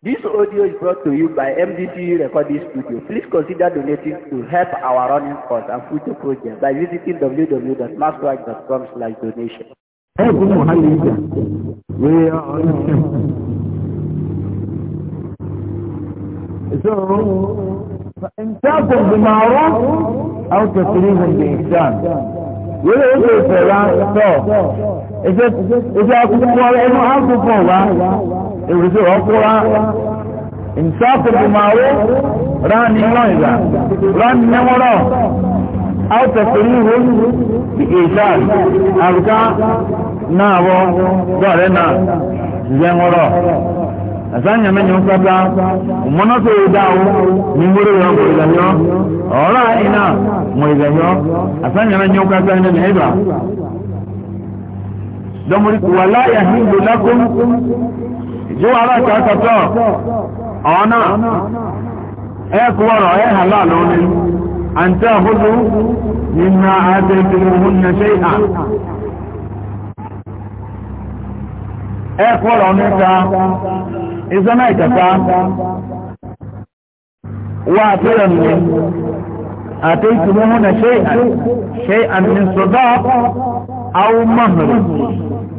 This audio is brought to you by MDCU Recording Studio. Please consider donating to help our running costs and future projects by visiting www.maskwag.com slash donation. Ẹ̀kún Mọ̀hálì ìjà, wé ọ̀rọ̀ ìṣẹ́. So, ìjábọ̀ gbìmọ̀rọ̀, àwọn kẹfìrí ìwọ̀n ìjà. Wéré ó ṣe ìfẹ̀rẹ̀ sọ, ìjẹ́ àkúkú ọ̀rẹ́ inú àkúkú ọ̀wá ìrìsí ọkùnrin ìsáfù bùmàrú rání lọ́ìlà rání nẹ́wọ́rọ̀ áùtẹ̀sẹ̀rí ìhóyù ìkéṣà àrùká náà wọ́ dọ̀rẹ́ náà yẹ́wọ́rọ̀ àsáyàn mẹ́yàn pátá ọmọná tó yẹ dáwó ní múlò yọ mọ̀ ìgbàyọ́ ọ̀rá iná mọ̀ ìgbàyọ́ àsáyàn mẹ́yàn pátá ní nàìjíríà dọ́mọ̀rí kùwà láyà hìndó lákòó jíwá aláàkà ọ̀tọ̀tọ̀ ọ̀nà ẹkùwọ̀rọ̀ ẹ halal ní àǹtẹ́ àhúdú nínú àádẹ́gbẹ̀rún ní ṣe ìhà ẹkùwọ̀rọ̀ níta ìsọ́nà ìkẹta wà àtẹ́rẹ̀ ní àti ìtùmọ̀ ní ìhà ṣe àmì a àwọn mọ̀hùn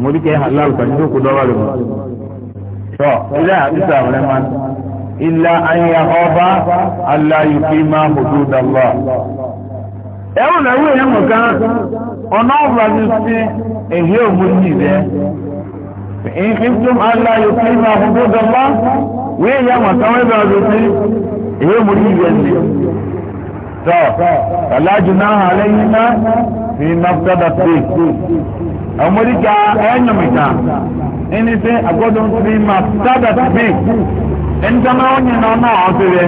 mori kɛ halal kan n'o ko dɔba de ma tɔ ila hadisa wɛrɛ ma ila an ya ɔba ala yi fi ma hudu dala ɛwɔ na wo yɛn mo kan ɔnà ɔba ni si ehi omu yi dɛ nfintum ala yi fi ma hudu dala wo yɛ yɛn mo kan wo yɛ bɛ si ehi omu yi dɛ ni tɔ kala juna alɛ yi na fi ma fɛ fi. ọmọdéka ẹnyọmìka ẹni sẹ agbọdọntì ma sábàtì bíi ẹnìtàmà ọnyẹ náà náà ọsẹrẹ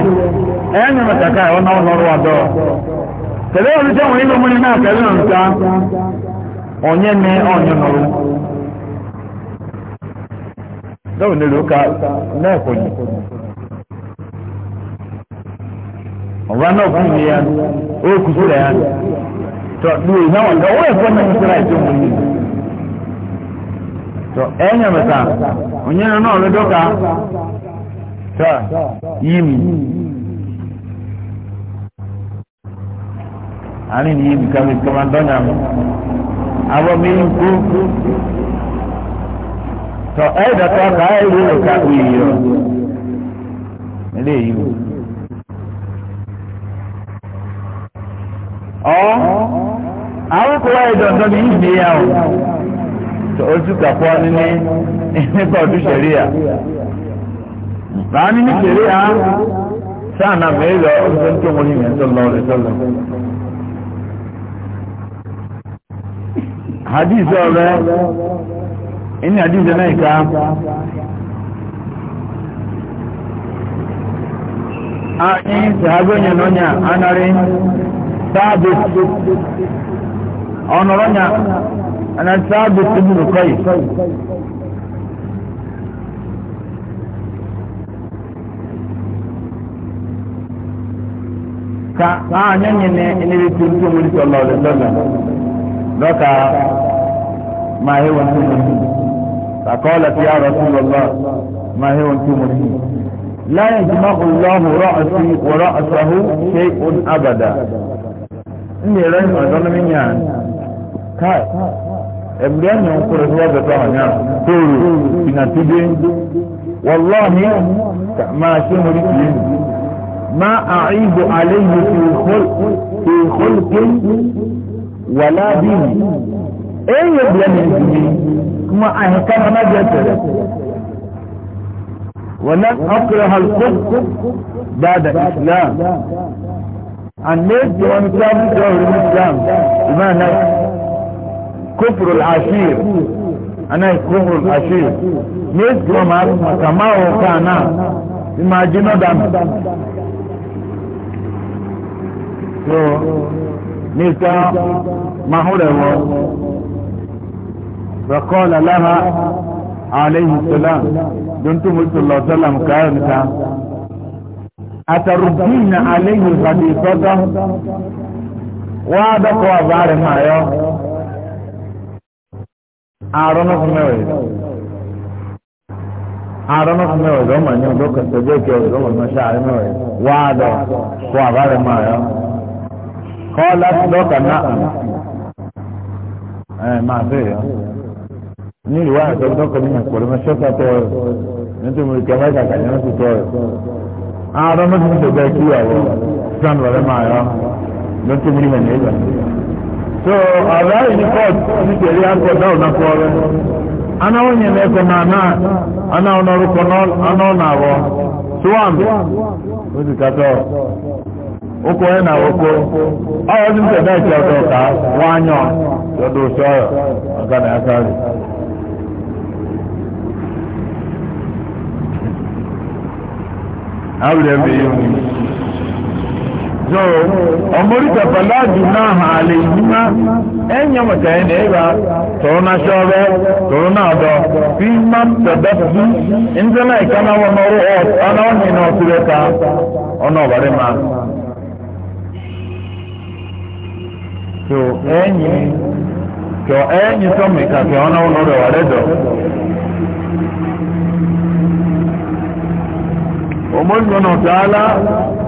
ẹnyọmìka ká ẹ ọnà ọlọrọ adọ kẹlẹ olùsẹ wọn ilé ọmọdé náà kẹlẹ ọmọdéka ọnyẹ ní ọnyẹ nọrọ dọwọ nílò ká náà ya ó ya so enya meta onye na na olodo ka ta yim ani ni yim ka mi kamando nya awo mi ku so e da ta ka e lu ka ku yo ele yim o awo ko e do do ni yim ya o tó ojú kàpọ́ nípa ọdún sẹ̀ríà láàánú ní sẹ̀ríà sáà náà ọdún tó wọ́n ní mẹ́tọ́ lọ rẹ̀ sọ́lọ́ hadith ọ̀rẹ́ inú hadith náà ìka a ní sàgbẹ́yìn lọ́nyà anárí ọ̀nà lọ́nyà أنا ثابت بن قيس ka aa nye nye ne ne bi tu tu mu sɔ lɔ le lɔlɔ dɔka ma he wɔn tu mu ni ka kɔɔla ti arɔ tu ma he tu mu ni abada n yɛrɛ ma mi kai ẹ̀mí ẹ̀yàn ń kúrò síwájú tó hàn yàn tóòrò ìnàtúndé wàláhì máa ṣe mo rí kìí má àìbò àléyìn fi ìkọlùkẹ́ wàlábì ẹ̀yẹ bí ẹni ìdílé kuma àyíká máa jẹ tẹ̀lé ولن أكره الكفر بعد الإسلام أن ليس وأن كان الإسلام بمعنى kófòrò àṣìr aná kófòrò àṣìr méjì wọn máa kàmá ọ̀ka náà ti máa jiná dànù. so níta máa hó rẹ̀ wọ́n rẹ̀kọ́ọ̀lá láha alayhi salam duntu musulla sallam kayan ta atarudina alayhi hadithata wa da ko bare ma yo àárọ̀nà fún mẹ́wàá yìí àárọ̀nà fún mẹ́wàá yìí ọmọ ẹ̀yìn ọdún kẹsàn-án jẹ́ kí ọdún ọmọ ṣá àárẹ̀ mẹ́wàá yìí wá àdọ̀ kó àbárẹ̀ máa yọ. kọ́ láti dọ́kà náà ẹ̀ máa bẹ̀rẹ̀ yọ. ní ìwà àtọ́ dọ́kà nínú ìpọ̀lọ́ mẹ́ṣẹ́ tọ́ ẹ̀ nítorí mo kẹ́ mẹ́ta kàyẹ́ ní tọ́ ẹ̀. àárọ̀nà fún mẹ́wàá yìí kí so ala yìí court ní kẹ̀rí akọ̀ dáhùn náà kọ́ rẹ̀ na yẹn ní ẹ̀kọ́ náà náà anáwó náà rúkọ náà náà wọ̀ tó wà mí ó sì kàtọ́ oko ẹ̀ náà so ọmọrịta paladi náà ala ìhúná ẹnyẹ mọ̀tà ẹ̀ nẹ́ẹ̀bà tọrọ náà ṣọ́ọ̀bẹ tọrọ náà dọ̀ fi máa ń tẹ̀dá sí na ìkànnà wọn ọrọ̀ ọ̀nà ọ̀bàrẹ̀ ẹ̀yìn ẹ̀yìn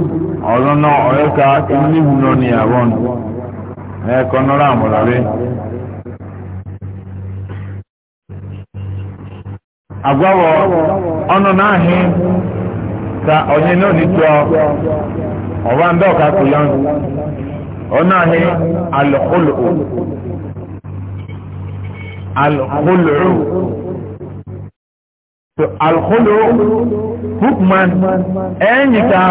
ọ̀rọ̀ náà ọ̀rẹ́ ka iléwu náà ní àwọn ẹ̀kọ́ nọ́rọ̀ àmọ̀lárẹ́. àgbáwọ̀ ọ̀nà náà hín ka ọ̀yẹ́ náà ní tọ́ ọ̀bá ń dọ́ọ̀ka kò yán ọ̀nà hín alùkùlù alùkùlù alùkùlù ẹ̀yìn ta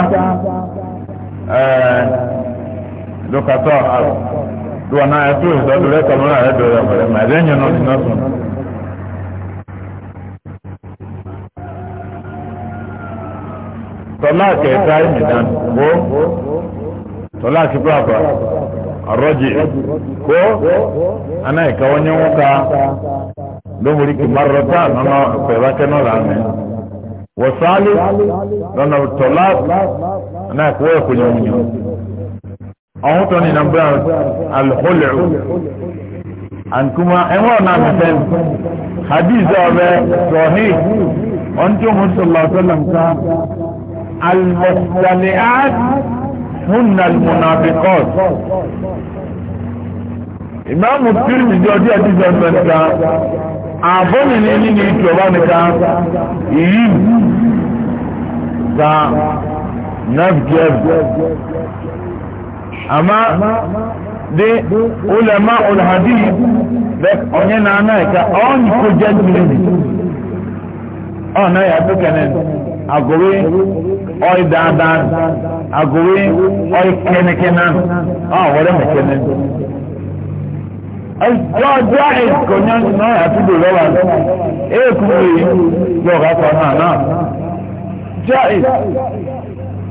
dukatɔ eh, alo do ana ɛtu ɛdɔdo rɛ kɔnɔ na rɛ do ya mɛ mɛ ɛdɛ nyɛ nɔsi nɔsi tɔla kɛta ɛmi dan ko tɔla kipra kɔ arɔji ko ana yi ka wɔnyɛ ŋu ka lomori kimarɔ ta nɔnɔ pɛbakɛ nɔ la mɛ wɔsaali náà kó ẹ̀kọ́ yẹn wúnyọ. ọ̀hún tó ní nàmbá alhulẹ̀rù ànkúmá ẹ̀wọ̀n náà mẹ́fẹ́ hadith ọ̀bẹ sọ̀hí ọ̀ntún mùsùlùmá sọ̀lọ̀m ká almọ̀sálẹ̀át hunna almunafikọ́t. ìmáàmù tìrìmì jọ díẹ̀ tí sọ̀ sọ̀ nìkan àbọ̀nì ní nínú ìtura nìkan ìyí ta. not given. Ama ulama ul hadith onye na-ana ka onye project ministry ọ na ya agụwe ọị daadaa agụwe ọị kenekena ọ were mekene ọjọ́ ẹ̀kọ́ yẹn náà àtúndò lọ́wọ́ ẹ̀kú ọ lọ́ọ̀ká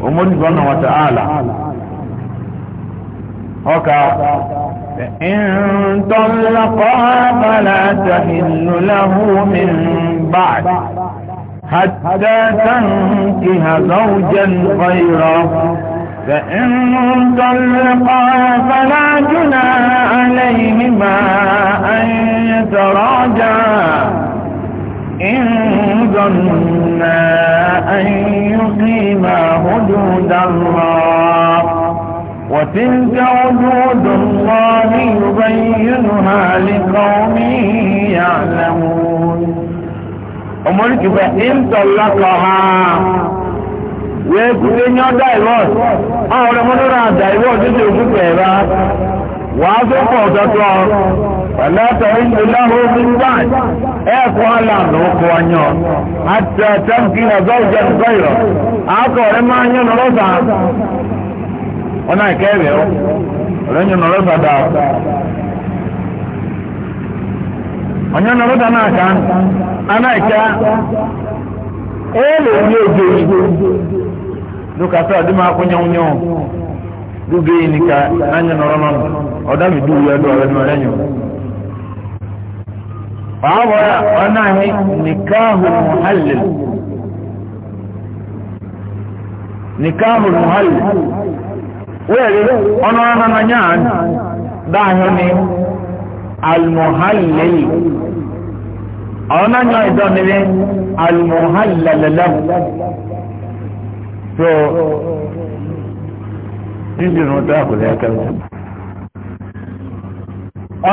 ومولد آه، الله تعالى هكا فإن طلقها فلا تحل له من بعد حتى تنكه زوجا غيره فإن طلقها فلا جنى عليهما أن يتراجعا إن ظنا أن يقيم حدود الله وتلك حدود الله يبينها لقوم يعلمون أمرك فإن طلقها wéèkúté ní ọ́ dàìwọ́s àwọn ọ̀rẹ́mọ́dúnrún àdàìwọ́s tó ti òkú pẹ̀lá wàá tó pọ̀ tọ́tọ́ فلا تعد له من بعد اقوى لعنه اقوى نيو حتى تمكن زوجا غيره اقوى لما نيو نرسع ona e kebe onye nọrọ sada onye nọrọ da n'aka anaghịkwa ele onye nọrọ n'ọnụ ọdọ mi du ya dụ ọrụ n'ọrụ Báwo ọ̀nà ni nìkáhù muhallil? Nìkáhù muhallil. Wẹ́ẹ̀rẹ̀ ọ̀nà ọ̀nà na nyáà dáhù ni almuhallil. Ọ̀nà nyọ́ ìdọ́ nílé almuhallalalaw. So, níbi ìrùn dáhù lẹ́ẹ̀kẹ́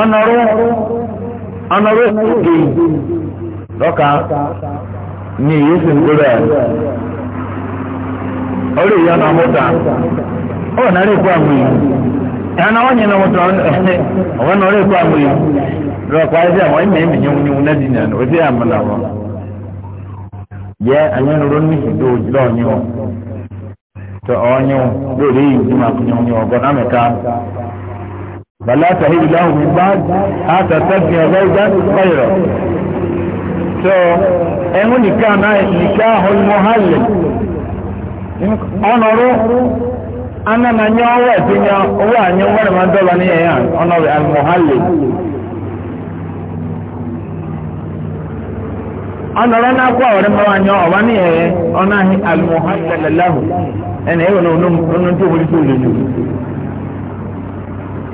ọ̀nà rú ọ̀nàwó ìgbè lọ́ka ní yéésù ńgbọ́dọ̀ ẹ̀ ọ̀rọ̀ èyí ọ̀nà mọ́ta ọ̀wọ̀ náà lè kó àwọn èyí ẹ̀nà wọ́n yẹn mọ́ta ọ̀wọ́ náà lè kó àwọn èyí lọ́kọ̀ ayé àwọn ẹ̀mí ẹ̀mí yẹn wọ́n náà dìnyà ní ojú àmọ́ náà wọ́n yẹ ẹ̀yẹn lóró ní ìdó ojúlọ̀ ọ̀nyẹ́ wọn tó ọ̀nyẹ́ wọn lórí ìdí فلا تهيج له من بعد حتى تبني زوجا غيره so ẹ̀hún nìkan náà nìkan ọ̀hún mọ́hálì ọ̀nọ̀rọ̀ anananyẹ ọwọ́ ẹ̀tìnyà owó ànyẹ wọ́n ma dọ́ba ní ẹ̀yà ọ̀nọ̀rọ̀ àmọ́hálì ọ̀nọ̀rọ̀ náà kọ́ ọ̀rẹ́ mọ́ anyẹ ọ̀wá ní ẹ̀yẹ ọ̀nà àmọ́hálì lẹ́lẹ́láhùn ẹ̀nà ẹ̀wọ̀n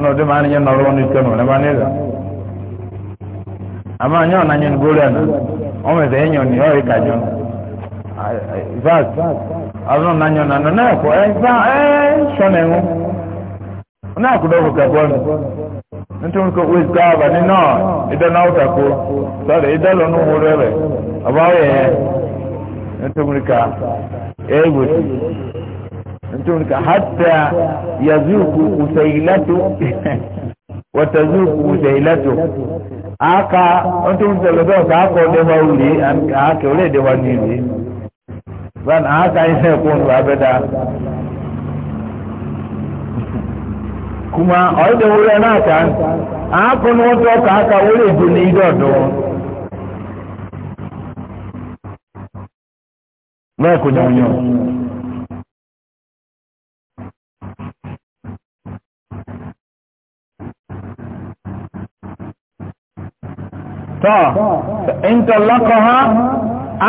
ọ̀nà ọdún máa ń yẹn nọ̀rọ̀ ní ìtọ́nù ọ̀nà máa ń nílò àmọ́ àyàn ọ̀nà yẹn gbóòrò ẹ̀nà ọmọ ẹ̀sẹ̀ yẹn ní ọ̀rẹ́ ìkàjọ ìfàs ọdún ọ̀nà yẹn ọ̀nà náà ẹ̀kọ́ na sọ̀nà ẹ̀hún ọ̀nà àkùdọ̀ ọ̀rọ̀ kẹ̀kọ́ ni nítorí kò wíṣ gáàbà ní náà ìdáná ọ̀tàkó sọ̀rọ̀ ìdálọ́ ní نتونك حتى يذوق أسيلته وتذوق أسيلته aka ọtún tẹlẹdọ káàkọ ọdẹwà òlì àkẹ òlẹ ìdẹwà nílì báyìí àáka iṣẹ ìkóhùn abẹdá kuma ọdẹwà òlẹ náà kan àákọ ni wọn tọ káàkà òlẹ ìdù to in talaqaha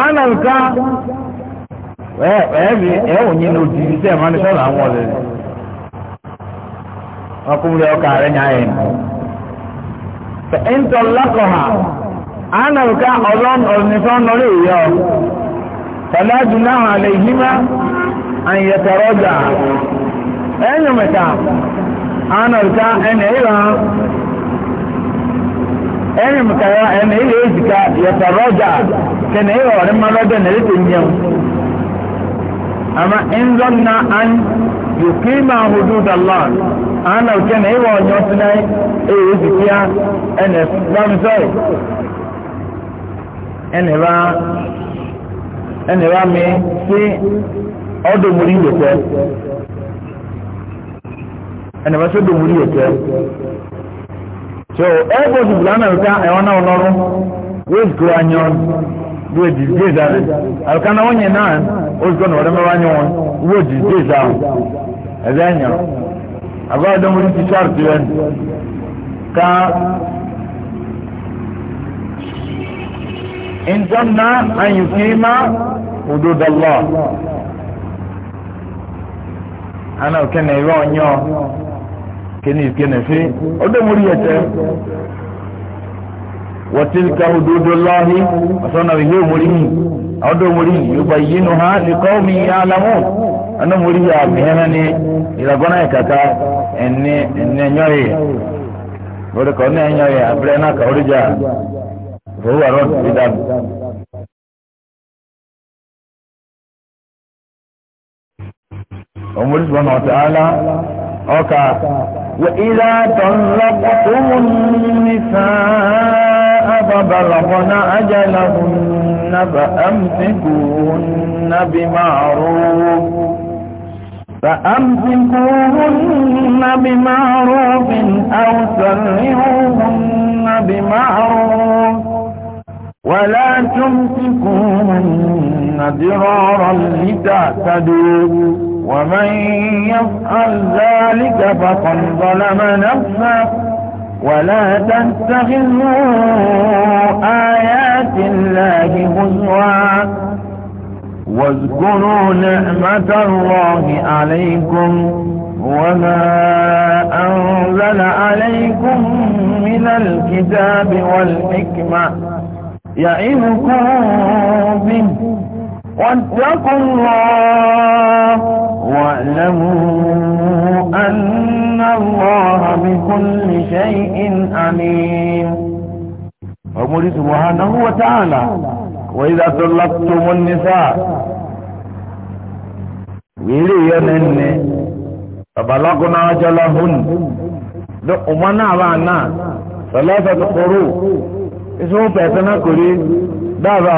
ana alka eh eh eh onye no di se ma ni so la won le ọkùnrin ọkà rẹ nya yẹn fa in talaqaha ana alka ọlọ́n ọ̀nìfọ́n lórí ìyọ́ fala junaha alayhima an yataraja ẹ̀yìn mẹ́ta ana alka ẹ̀nà ẹni mùkàrà ẹni ilé èjìká yẹtà rọjà kẹne ẹ ọrẹ mma rọjà na ẹrẹ tẹ nyẹm ama ẹnzọn na an yòókì máa hudu dàlá ànà kẹne ẹ wọ ọnyọ sinẹ ẹ yẹ èjìká ẹnẹ bámisọrì ẹnẹ bá ẹnẹ bá mi sí ọdọmọdé yẹtẹ ẹnẹ bá sọdọmọdé yẹtẹ so airport bulana ka ewana onoru wezi kuro anyon wezi geza re alkana onye na ozgo na wadama wanyo won wezi geza ebe anya agwa da muri ti chart yen ka in zanna an yuqima hudud allah ana kana iwa onyo kini kini fi ọdọ mori yẹ tẹ wọtilka hududulahi asọ́nà ìwé mori yìí ọdọ mori yìí yóò gba yìí nù ha ní kọ́ọ̀mì alamu ọdọ mori yìí àmìhẹ́nà ni ìlàgbọ́nà ìkàkà ẹni ẹni ẹnyọ́ yìí lórí kan ní náà kà orí jà fowó àrọ́ ti dànù. ọmọdé sọ̀rọ̀ náà ọ̀tá ala. أوكا وإذا طلقتم النساء فبلغن أجلهن فأمسكوهن بمعروف فأمسكوهن بمعروف أو سرعوهن بمعروف ولا تمسكوهن ضرارا لتعتدوا ومن يفعل ذلك فقد ظلم نفسه ولا تتخذوا آيات الله هزوا واذكروا نعمة الله عليكم وما أنزل عليكم من الكتاب والحكمة يعظكم به واتقوا الله واعلموا أن الله بكل شيء عليم ومولي سبحانه وتعالى وإذا طلقتم النساء ويلي ينن فبلغنا أجلهن لقمنا معنا ثلاثة قروء اسمه بيتنا كريم دابا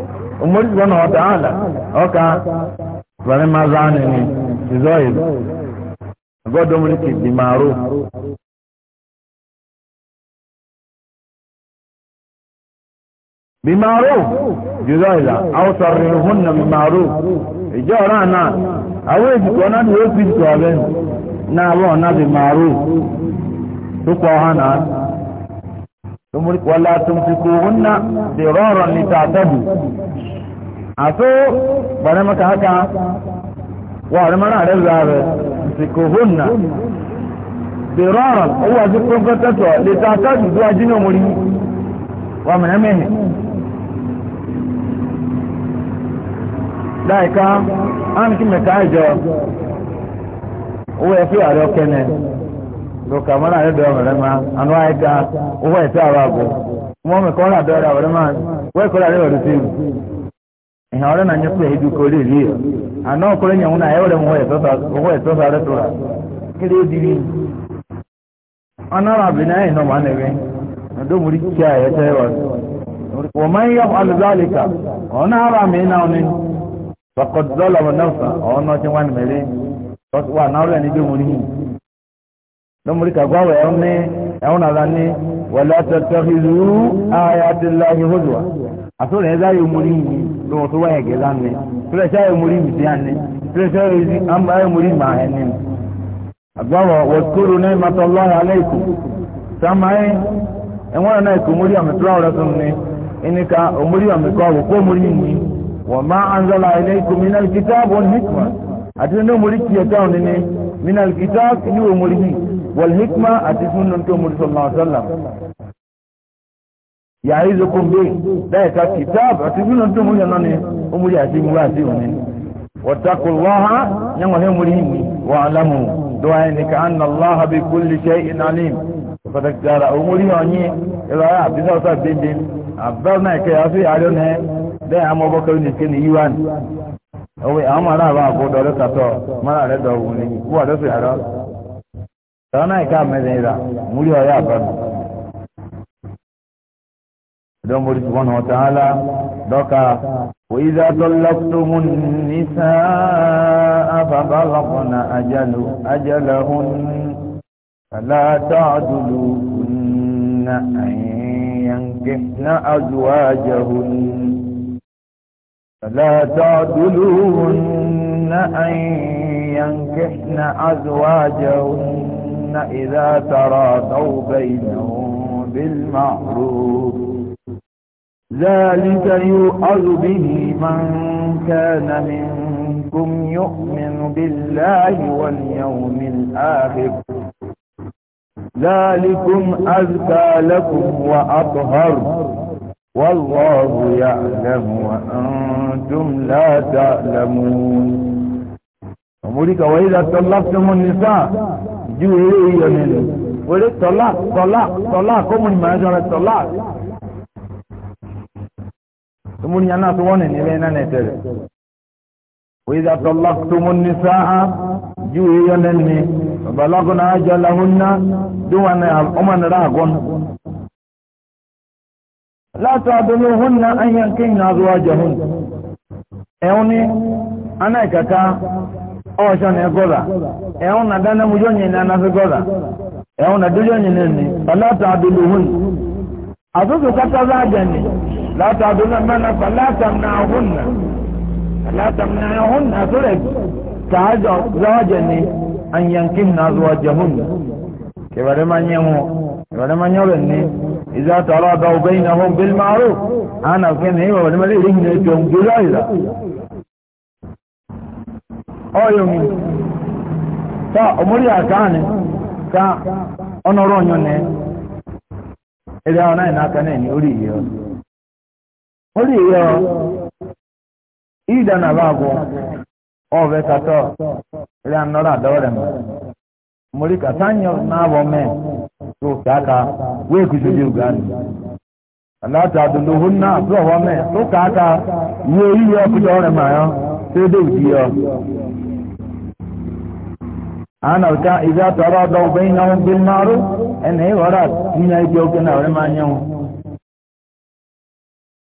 umar subhanahu wa ta'ala ọka bari ma zani ni izoyi godo mulki bi ma'ruf bi ma'ruf izoyi la aw sarrihunna bi ma'ruf ijo rana awe ji ko na ni o fi to aben na abo na bi ma'ruf to ko hana tumuri wala tumsikuhunna diraran litatadu a so bari maka haka wa mara da zaɓe sikohunna biraran uwa ji kunkatatwa littattafi zuwa jini muri wa mana mehe daika an kí mẹka ẹjọ uwa ya fi àrẹ ọkẹnẹ lóka mara àrẹ dọrọ mẹrẹ ma anu ayika uwa ya fi àrẹ àgbo wọn mẹkọ ọrọ àdọrọ àwẹrẹ ma wọn ẹkọ àrẹ ihe ọrụ na nyekwa ebi ka ori eri anọ ọkụrụ nyenwu na ewere m ụwa etosa retụra kiri ebiri ọnụ abụ na anyị nọ ma na-eme ọdọ mụrụ ikike a ete ewa wọ́n máa ń yọ alùbáàlìkà ọ̀nà ara mi náà ni fakọ̀dọ́lọ̀ ọ̀nàfà ọ̀nà tí wọ́n mẹ́rin wà náà rẹ̀ níjọ́ mú níhìn lọ́mọdé kàgbáwẹ̀ ẹ̀hún ní ẹ̀hún àlá ní wọ̀lá tẹ̀tẹ̀ ìlú ayatollah yehoshua asọrọ ẹ zayi omori yi lọ wọ so wa yẹ gẹza nne sọrọ ẹsẹ ayẹ omori yi bia nne sọrọ ẹsẹ ayẹ ezi amba ayẹ omori ma ẹ nne agbawọ wọtukoro náà mata ọlọrọ alẹ ikú sàmà ẹ ẹwọn náà ikú omori àmì tó àwọn ọrẹ sọmọ ní ẹni àmì kọ àwọn kó omori wọ́n máa anzala ẹlẹ ikú mi wọ́n hikma àti yàrá ìzókòó gbé lẹ́ẹ̀ka kìtáàbù àti gbínú tó mú yànnà ni ó múlí àti ìmúlá àti òní wàtàkùnláha yànwọ̀n hẹ́ múlí ìmú wà álámù dọ́wà ẹnìkà ánàláha bí kú lè ṣe ìnàlìm pàtàkìtàrà òmúlí ọ̀nyí ìlọ ayé àbísọ́sọ́ bíbí àbẹ́rẹ́ náà kẹ́ àfi àárẹ̀ ọ̀nà bẹ́ẹ̀ àmọ́ bọ́kẹ́ ní kí ni yíwán òwe àwọn ará àbá àbò dọ̀rẹ́ kàtọ́ mọ́ra rẹ̀ dọ̀ wù ní دوم سبحانه وتعالى دوكا وإذا طلقتم النساء فبلغن أجل أجلهن فلا تعدلوهن أن ينكحن أزواجهن فلا تعدلوهن أن ينكحن أزواجهن إذا تراضوا بينهم بالمعروف ذلك يؤذ به من كان منكم يؤمن بالله واليوم الآخر ذلكم أذكى لكم وأطهر والله يعلم وأنتم لا تعلمون أمريك وإذا طلقتم النساء جوهي يمين ولي طلاق كم من هم المعجرة طلاق tumuri yana su wani ne bai nan etere wa idza talaqtumun nisaa ju'i yananni balagna ajalahunna duwana al-umman ragon la ta'duluhunna an yankina azwajahun euni anaikata ọ̀ṣọ́ ni gọ́dà ẹ̀hún na ni لا تعدون من فلا تمنعهن فلا تمنعهن سرق تعجر زواجني أن ينكحن أزواجهن كبر من يمو كبر من يرني إذا تراضوا بينهم بالمعروف أنا كن هي ولما لي رهن يتوم جزائرة أيومي تا أمري أكاني تا أنا رونيوني إذا أنا هناك أنا أريد Oli yo ida na babu ove kato ile anora mo muri katanyo na abo me to kaka we kujuju gani ta dulu hunna to wa me to kaka ye yi yo ku dore ma yo se de di yo ana ta iza bainahum bil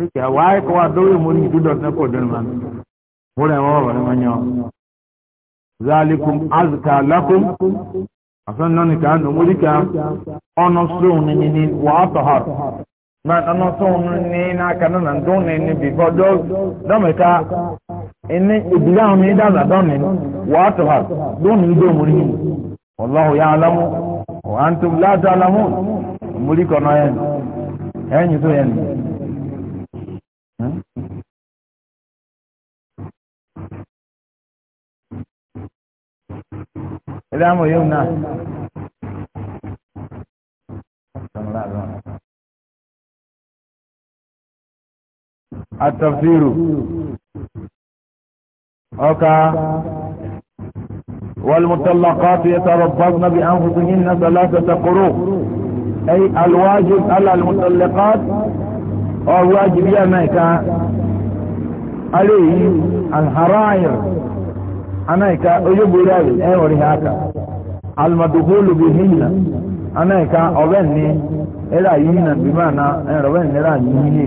mike waye ko wa dowe muri dudot na ko don man mure wa wa ma nyo zalikum azka lakum asan ka no muri ka ono so ni ni wa tahar man ono so ni na ka no nan don ni before do do ka inni ibla mi da ni wa ni do muri wa antum la yen to yen ها إذا مو يومنا التفسير أوكا والمطلقات يتربصن بأنفسهن ثلاثة قروء أي الواجب على المطلقات ọwọ́ ajìbíyà ya aléyìí alharair anáìka oyóbóyá rẹ̀ ẹ̀wọ̀n rẹ̀ aka almaduholu bi hinna anáìka ọ̀bẹ̀ ní ẹ̀rà yìí nà bí na ẹ̀rọ ọ̀bẹ̀ ní ẹ̀rà yìí yìí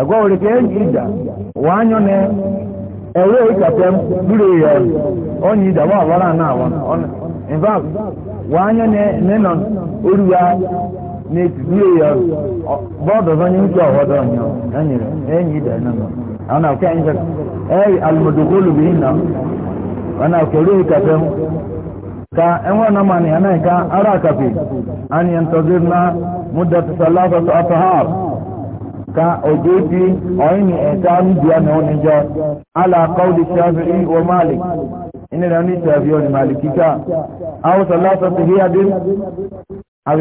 ẹ̀gbọ́n wòle kẹ́ ẹ̀yìn ìdá wàá na ní ihe ìkàtẹ́ dúró yẹ ọ̀nyìn ìdá wà wọ́n náà wọ́n n'etiti ya ọzọ. ọ̀sán yín kí ọ̀wọ́dọ̀ ọ̀yàn ẹ̀yìn rẹ̀ ẹ̀yìn ìdá ẹ̀nà mọ̀ àwọn àwòkẹ́ ẹ̀yìn sẹ́kọ̀ ẹ̀yìn alùmọ̀dòkólù bí nà wọn àwòkẹ́ orí ka enwe náà mà ní ara àkàfẹ́ àni ẹ̀ńtọ́sí ná múdà tẹ̀sán látọ̀tọ̀ ka òjò ti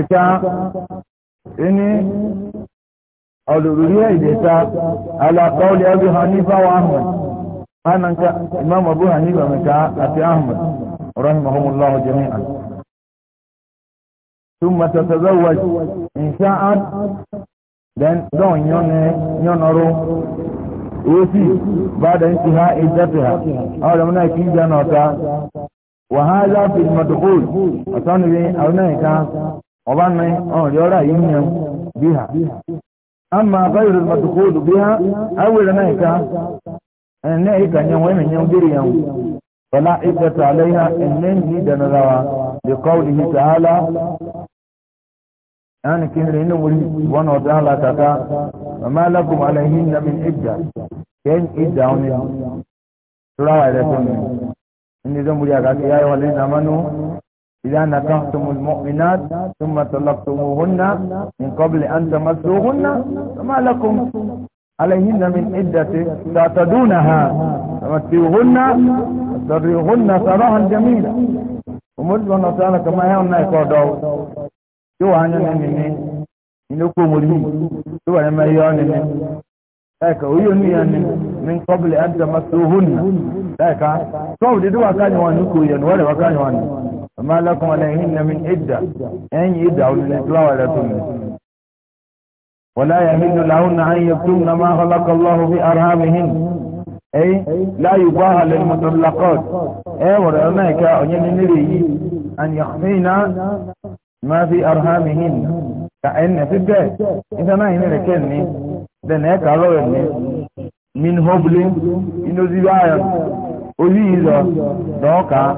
jọ ini ọlùrùrí ìdẹta alákọ́ọ̀lẹ̀ abu hanifa wa ahmed hannanka imam abu hanifa mẹ́ta àti ahmed rahimahumullahu jami'an ثم تتزوج إن شاءت then don yone yonoro wosi بعد انتهاء عدتها او لم نكن جنوتا وهذا في المدخول اصلا او نكا ọba ní biha ọ̀rẹ́ yìí ń yẹn bí ha ama báyìí lọ́dún mọ́tò kóòdù bí ha awèrè náà ìka ẹ̀nẹ́ ìka yẹn wọ́n ẹ̀mẹ̀ yẹn bírí yẹn wọlá na àlẹ́yà ẹ̀nẹ́ ní a na kọ́ ìhì tààlà na kí ni inú wòlí ndị ya إذا نكحتم المؤمنات ثم طلقتموهن من قبل أن تمسوهن فما لكم عليهن من عدة تعتدونها فمسوهن وسريوهن سراحا جميلا ومرد ونصانا كما يومنا يقعدوا شو هانا نمني إنكم مرهي شو هانا مريانا Eka huyo ni yani min qabli an tamassuhunna. Eka sababu duk wakani wani ku yan wale wakani wani. فما لكم عليهن من عدة أن يدعوا للإطلاع لكم ولا يهل لهن أن يكتمن ما خلق الله في أرهامهن أي لا يباهى للمطلقات أي ورأناك أن ينري أن يخفين ما في أرهامهن كأن في الجاي إذا ما ينركني لأنك أرويني من هبل إنه زبايا أزيزة دوكا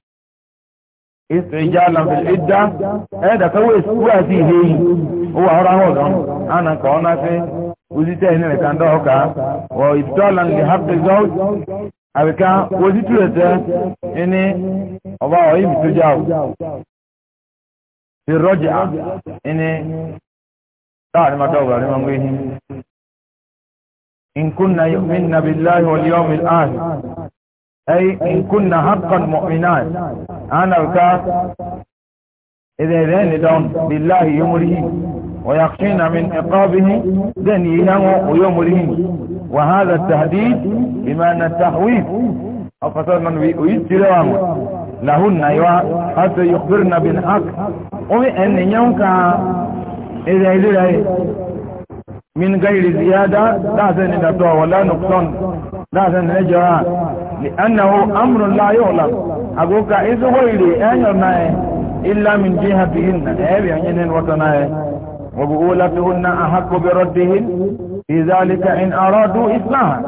ìjàlá ìdá ẹ̀ẹ́dàkọ́wé ìsúwà sí ihe yìí ó wà ọ́rọ́ àwọn ọ̀dọ́ àná kọ́ ọ́nà sí òsìtẹ́ ìní rẹ̀ kàndọ́ ọ̀ka wọ ìtọ́lá ní hapkizọ́ àbíká òsìtú ẹ̀tẹ́ ní ọba ọ̀yí mi tó já o ti rọ́jà ní láàrin máa tọ́gbà ní gbé yín. in kunna yu'minna billahi wal yawmil akhir أي إن كنا حقا مؤمنات أنا الكاف إذا ذين دون بالله يمره ويخشين من عقابه دنيهم ويمره وهذا التهديد بما أن التحويف أو فصل من وامر لهن أيوة حتى يخبرن بالحق وبأن يوم كان إذا ذي من غير زيادة لا زين نبدأ ولا نقصان لا زين نجرى لأنه أمر لا يغلب أقولك إذا غيري أين يرمي إلا من جهتهن أبي عنين وطنائي وبؤولتهن أحق بردهن في ذلك إن أرادوا إصلاحا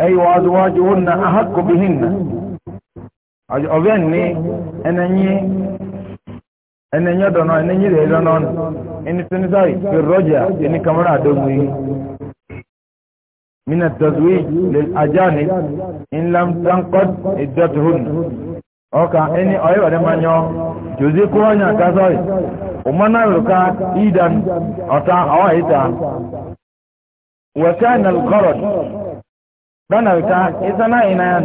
أي وأزواجهن أحق بهن أجأبيني أنني ẹni nyɛ dɔnɔ ɛni nyi de dɔnɔ ni ɛni sinisa irɔja ɛni kamara adogun yi mina tazwi lil ajani in lam tankɔd idɔtuhun ɔka ɛni ɔyɛ wɛrɛ ma nyɔ jozi kɔnya kasɔi ɔmana yorùka idan ɔta ɔwɔ ayita wɛsɛ nalkɔrɔd dɔnɔ yorùka isana inayan.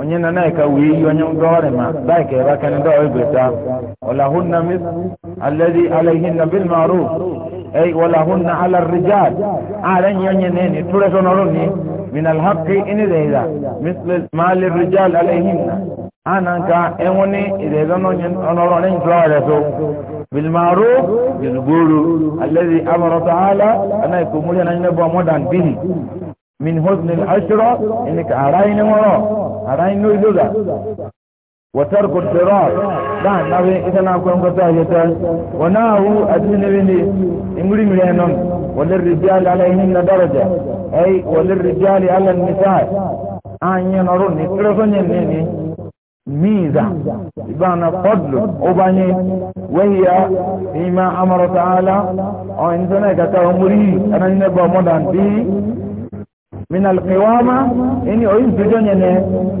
onye na naika wee yi onye ngọrị ma daika ebe aka ndị ọrụ ibeta walahunna mis alladhi alaihinna bil ma'ruf ay walahunna ala rijal aran yanye ne ni ture so noro ni min al haqqi in zaida misl mal al rijal alaihinna ana ka enwoni ide zo no nyen onoro ne tura re so bil ma'ruf bil guru alladhi amara ta'ala ana ikumuri na ne bo modan bihi min husn al-ashra innaka arayin wara arayin no idoda wa tarku dirar da na we ita na ko ngota yata wa nahu adina we ne imuri mirenon walil rijal alayhin daraja ay walil rijal ala an-nisa an yanarun ni krasonye ne ne ميزة بمعنى فضل وبني وهي فيما أمر تعالى أو إنسان كتاب مريد أنا نبغى مدن به من القوامة إني أريد تجنين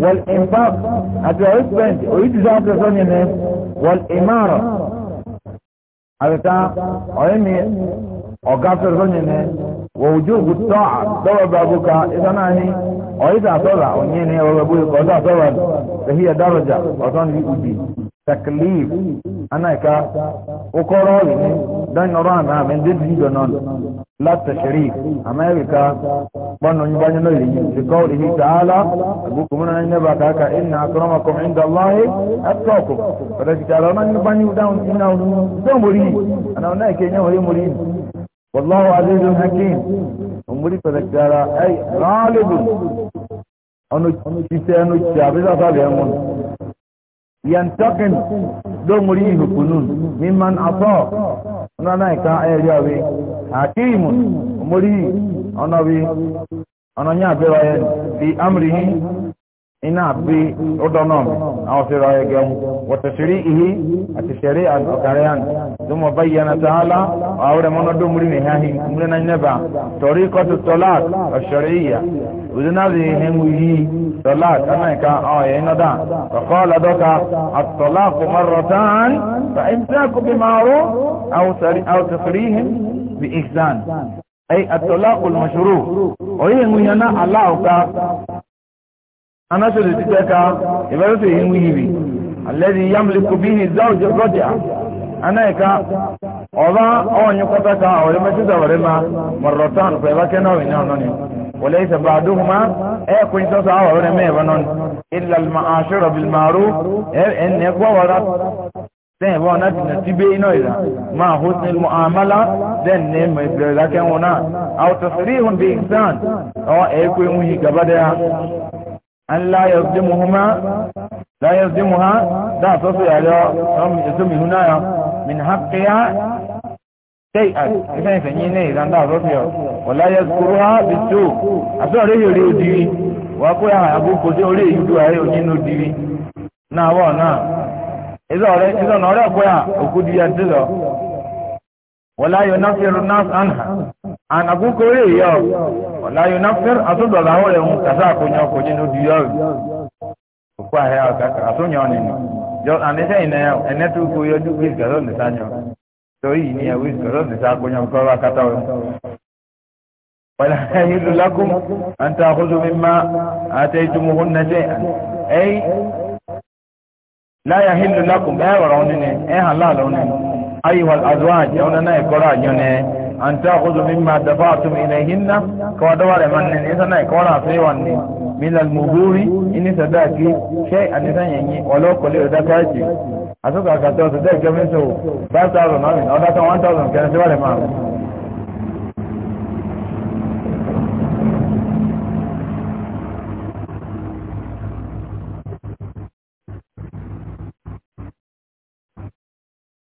والإنفاق أتي أريد بنت أريد تجنين والإمارة أتا أريد أقاطر تجنين ووجوب الطاعة دور بابك إذا ما هي أريد أطلع ونيني وبابوك أريد أطلع فهي درجة وطن في أبي taklif anaika ukoro ni dan noro ana men de bi do non la tashrif amerika bono ni banyo no yi bi qawlihi ta'ala abukum na ne ba ka ka inna akramakum inda allahi atqakum kada ki ta'ala man ni banyo down inna unu don muri ana na ke nyawo yi muri wallahu azizun hakim umuri kada gara ay ghalibun ono ci te ono ci abisa ta le mun yantakin domori ihukunun mimman afọ ọ̀nà náìka ẹ̀rí ọ̀wẹ́ hakimu omori ọ̀nà wí ọ̀nà ní àbẹ̀rọ̀ ẹ̀ fi amrihi ina bi odonom awsira yagam wa tashri'ihi atashri'an okaran dumo bayyana ta'ala awra monodo ne hahi mure na neba tariqatu salat ash-shar'iyya udna bi henwi salat anaka ina da fa qala daka at-talaq marratan fa imsaku bi ma'ruf aw aw tasrihim bi ihsan ay at-talaq al-mashru' oyengu yana allah ka anasoro titeka ìbẹ̀rẹ̀sẹ̀ yìí ń wíyìí alẹ́dí yamliku bíi záwùjọ rọ́jà anáyíká ọba ọ̀nyìn pátákà ọ̀rẹ́ mẹ́títa ọ̀rẹ́ ma mọ̀rọ̀tán pẹ̀lú akẹ́nà òyìn náà nọ́ni wọlé ìsẹ̀bà àdúhùmá ẹ̀kùn ìtọ́sọ àwọn ọ̀rẹ́ mẹ́ẹ̀bá nọ́ni ilẹ̀ àṣírọ̀ bilmaru ẹ̀ẹ́nì ẹ̀kọ́ wọ́ra sẹ́yìn bọ́ náà tìǹà tí bẹ́ẹ̀ iná ìlà máa hó sí ilmu àmàlà dẹ́n ní ẹ̀mọ̀ ìbẹ̀rẹ̀ lákẹ́wọ̀n náà àwòtọ̀sírí ìhùn bíi ìsàn ọ̀ ẹ̀kọ́ ìhùn yìí gabadẹ́yà an la yazlimuhuma la yazlimuha da so so ya sam yasumi hunaya min ya shay'an a kan yin ne dan da so so ya sukuru bisu aso re yori odiri wa ko ya abu ko se ore yudu are onyin odiri na wa na izo re izo na ore ko ya okudi ya dizo anha anakukore yọ ọ̀la yunafir asọ́dọ̀lá ọ̀rẹ́ ń kàtà àkóyọ ọkọ̀jẹ́ ní odi yọ̀rù òkú àhẹ́ ọ̀kàkà àtúnyọ̀ nínú yọ àníṣẹ́ ìnà ẹ̀nẹ́ tó kó yọjú wíìs gàdọ́ nìta yọ torí yìí ní ẹ̀ wíìs gàdọ́ nìta àkóyọ ọkọ̀ wa kàtà ọ̀rẹ́. wàlá ayélu lakum àǹtà an ta kudu mimma da ba su mai hinna kawa da ware mannin isa na kawara sai wanne milal muguri ini sadaki shai a nisan yanyi walo kule da kaci a suka kasar su dai gamin su ba ta zo na min a wadatan 1000 kenan sai ware ma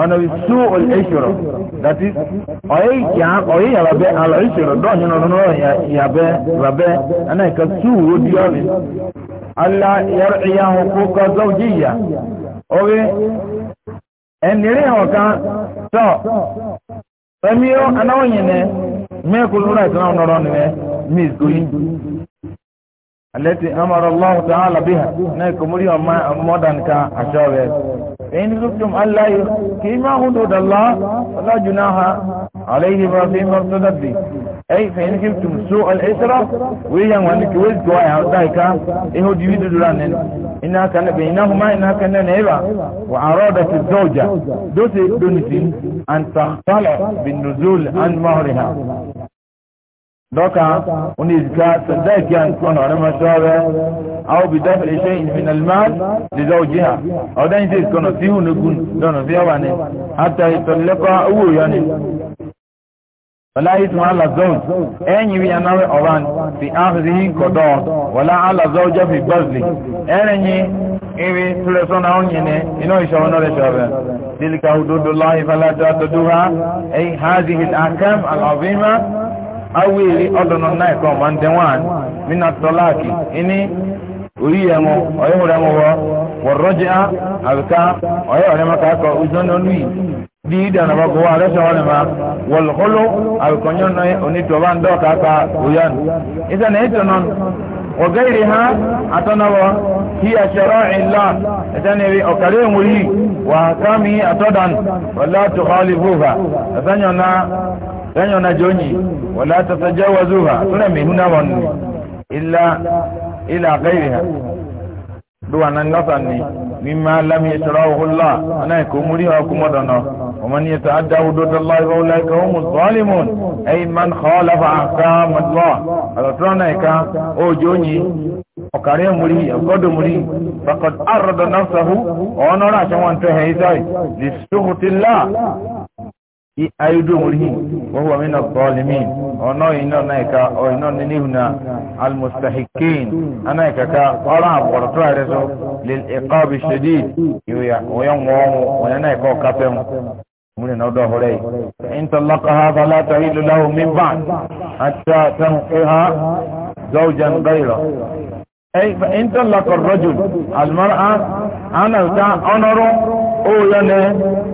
ọ̀nà ìṣú ìṣòro dàtí ọ̀yẹ́ ìyàbẹ̀ àlọ́ ìṣòro dọ́ọ̀yìn ọ̀nà ìyàbẹ̀ rẹ̀bẹ̀ ẹ̀nà ìkà ṣúù ó di ọ̀rẹ́ alá ìyàwó kókó zọ́ọ̀jì ìyà orí ẹni rí àwọn kan tọ́ ẹ̀mí ó anáwọ̀nyìn ní mẹ́kùn lórí àìsàn ọ̀nà ọ̀rọ̀ nìyẹn mí ìsòyìn التي أمر الله تعالى بها نيكم اليوم مدن كأشابه إن خفتم ألا يقيم حدود الله فلا جناها عليه فيما ارتدت به أي فإن خفتم سوء الإسرة ويجان وانك ولد كواي عودائك إهو ديويد دولان إنها كان بينهما إنها كان نيبا وعرادة الزوجة دوسي دونسين أن تختلع بالنزول عن مهرها دوكا ونزكى صدق يعني تكون على مشروع او بدفع شيء من المال لزوجها او دين زي تكون فيه نكون دون فيها واني حتى يطلقها او يعني فلا يسمع على الزوج ان يبي انا اوران في اخذه قضاء ولا على الزوجه في بذله انني ibi tulẹ̀sọ́nà òyìnbó iná ìṣọ̀rọ̀ náà lẹ́ṣọ̀rọ̀ تلك حدود الله فلا تعتدوها أي هذه الأحكام العظيمة awiri ọdụnụ naịkọ ma ndị nwaanyị mina tọlaki ini orí ẹ̀mọ ọ̀yẹ́ wọ̀rẹ́ mọ̀ wọ́ wọ̀rọ́jẹ́ á àbíká ọ̀yẹ́ wọ̀rẹ́ mọ̀ káàkọ́ ojúọ́nà olùyí bí ìdáná bá gbowó àrẹ́sọ̀ wọn ma wọ̀lọ́kọ́lọ́ àbíkọ́nyọ́ náà onítọ̀ọ́bá ń dọ́ọ̀ká ká oyánu ìsànà ìtọ̀nà وغيرها أتنوى هي شرائع الله أتنوى أكريم لي وأحكامه أتدن ولا تخالفوها أتنوى yanyo na jonyi wala ta tajawa zuha suna mai nuna wannan illa ila gairiha duwa nan nasan ne mimma lam yashrahu Allah ana ko muri ha kuma da na wa man yata'adda hudud Allah fa ulaika hum zalimun ay man khalafa ahkam Allah ala tona ka o jonyi o kare muri o godo muri faqad arada nafsahu wa onora shawan to haysai li suhtillah aidu mulhi wa huwa min adh-dhalimin ono ino naika o ino ninihuna almustahiqin anaika ka ora borto areso lil iqab shadid yuya oyanwo onanaika okapem mune na odo hore in talaqaha fala tahillu lahu min ba'd hatta tanqiha zawjan ghayra ay fa in talaqa ar-rajul al-mar'a ana ta onoru o yone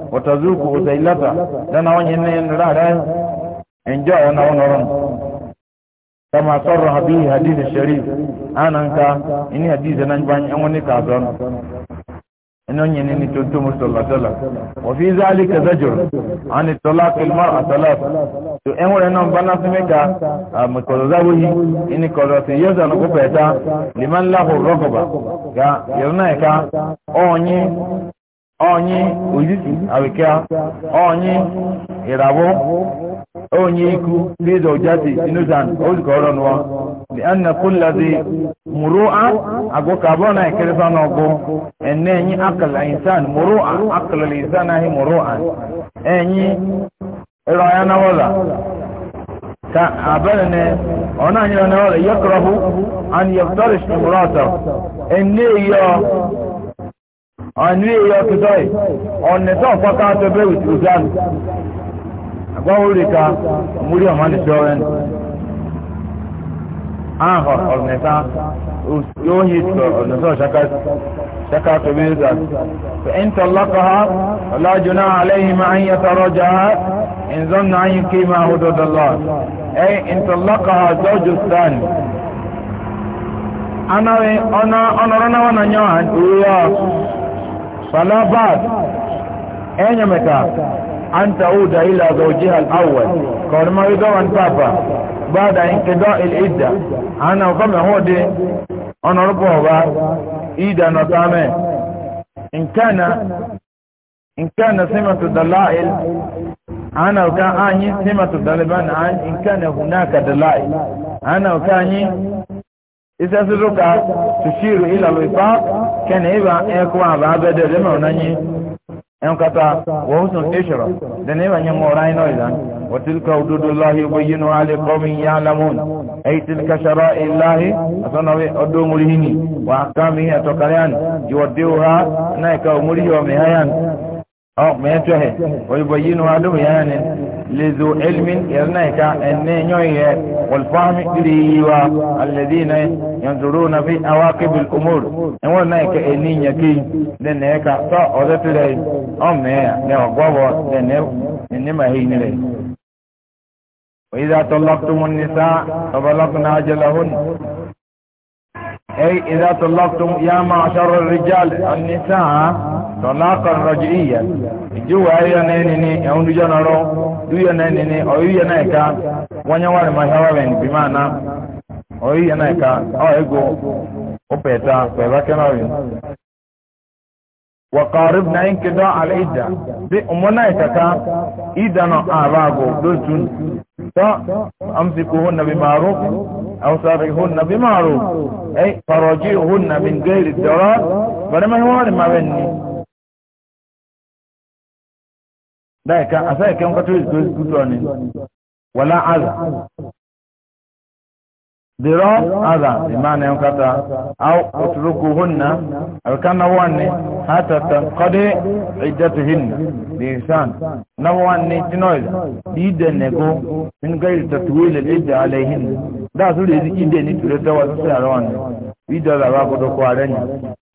watazuku uzailata dana wanye ne rare enjoy na wonoron kama sarraha bihi hadith sharif ananka ini hadith nan ban an wani kazon inon yin ni tuntu musalla sala wa fi zalika zajr an talaq al mar'a talaq to en wani nan bana su meka ah, makoro zawi ini koro se yaza no peta liman lahu onye ozizi awekea onye irabo onye iku leza ojati sinuzan ozikọrọ nụọ dị anna kullazi muru'a agụka abụọ na ekeresa n'ọgụ ene enyi akal insan muru'a akal insan ahi muru'a enyi ịrọ ya na wọla ka abẹ́rẹ̀ ni ọ̀nà àyìnlẹ̀ náà yẹ kọ̀rọ̀ hù and yẹ fẹ́rẹ̀ ṣe mùrọ̀ ọ̀tọ̀ ene yọ ọ̀nà èyí ọ̀tọ̀tọ̀ yìí ọ̀nà ọ̀pọ̀ká tó bẹ́ẹ̀ wìtì òjáàmù àgbáwò múrí ọ̀mọ́ ní ahọ̀ ọ̀nà ẹ̀ta yóò yí ọ̀nà tó ṣaka tó bẹ́ẹ̀ ń ha ọ̀làjù náà máa ń yẹta rọ́jà ha ń zọ́n kí máa hó ha zọ́jú sani anáwé ọ̀nà ọ̀nà ọ̀nà wọn náà nyọ́ فلا بعد أين متى أن تعود إلى زوجها الأول كورما يدو أن بابا بعد انقضاء العدة أنا وقم هو دي أنا ربوها إيدا نطامي إن كان إن كان سمة الدلائل أنا وكأني سمة الدلبان إن كان هناك دلائل أنا وكأني إذا سرق تشير إلى الوفاق kene iba ekwa ba abede de mo nanyi en kata wa husnul ishra da ne ban yamo rai no idan wa tilka hududullah yubayyinu ala qaumin ya'lamun ay tilka shara'i allah asana we odo murihini wa akami atokayan yuwaddiha na ka umuriyo me hayan ọ mẹtọhẹ oyinbo yi nu adumu yẹn ni lezu elmin yẹn náà ká ẹnẹ nyọ yẹ wọlfàmì ìrì yìí wa alẹ́dí náà yàtúrú na fi awa kébìl umur ẹwọn náà ká ẹni yẹn kí dẹ nẹ ká tọ ọdọ tilẹ ọ mẹyà dẹ ọgbọbọ dẹ nẹ ẹni mà hìí nílẹ. وإذا طلقتم النساء فبلغن أجلهن أي إذا طلقتم يا معشر الرجال النساء tọ̀nàkọ̀ rọ̀jì ìyà ìjíwò ayé na ẹni ní ẹ̀hún dújọ́ na rọ dúyọ na ẹni ní ọ̀yíyẹ náà ẹ̀ka wọ́n yẹn wà ní mahẹ́ wọ́n ní bímọ àná ọ̀yíyẹ náà ẹ̀ka ọ̀ ẹ̀gọ́ ọ̀pẹ̀ ẹ̀ta pẹ̀lú akẹ́nọ̀rì. wọ̀kọ̀rọ̀ náà ń kedọ́ àlẹ́ ìdá bí ọmọ náà ẹ̀kaka ìdá náà àbáàgọ̀ lótún tọ́ amsìkò hó nàbí màrú awusari hó nàbí màrú ẹ̀ fàrọ̀jì hó nàbí gẹ́rì dọ́rọ́ bàrẹ́mẹ́ wọ́n rìn máa bẹ́ẹ̀ ni. daika asa ke nka to is good ni wala aza dira aza imana nka ta au utrukuhunna al kana wani hata tanqadi iddatuhin bi insan na wani ne go min gail tatwil al idda alaihin da su riziki de ni ture ta wasu sai rawan idda da ba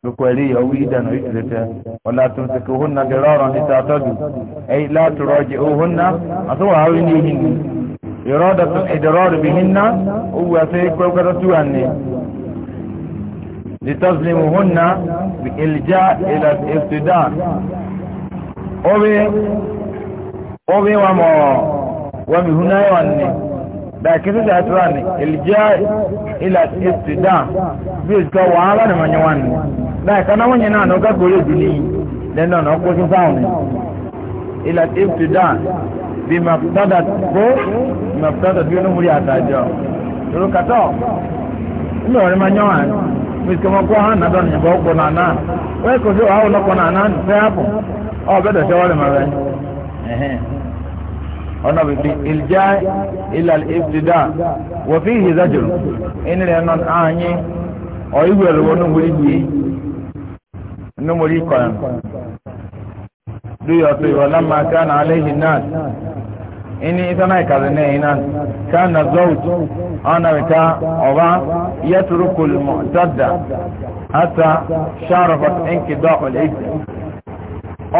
بقولي أو إيدا وإجلتا ولا تمسكوهن ضرارا لتعتدوا أي لا تراجعوهن أسوى عينيهن إرادة الإضرار بهن هو سيكو كرسواني لتظلموهن بإلجاء إلى الافتداء أوبي أوبي وما ومهنا يواني lakini za tuani ilijaa ila istida bi ka wala na manya wani da kana wanya na no na duni dan na ko sauni ila istida bi maftada ko maftada bi no muri atajo to ka no re manya wani mi ko ko ha na don ni ba na na we ko jo ha na na se apo o be ọ̀nà bìbí ìljà ilẹ̀ ìbùdá wọ́n fi hìzà jùlọ ẹni rẹ̀ nọ ààyè ọ̀yíwẹ̀ rẹ̀ wọ́n númúrí yìí númúrí kọ̀ọ̀n lóyè ọ̀tọ̀ ìwọ̀ lámà kánà aléhì náà ẹni ìtànà ìkàlẹ̀ náà iná kánà zout ọ̀nà ìka ọ̀bá yẹtùrú kùlùmọ̀ tọ́dà hátà sáròfà ẹnkì dọ́kùlù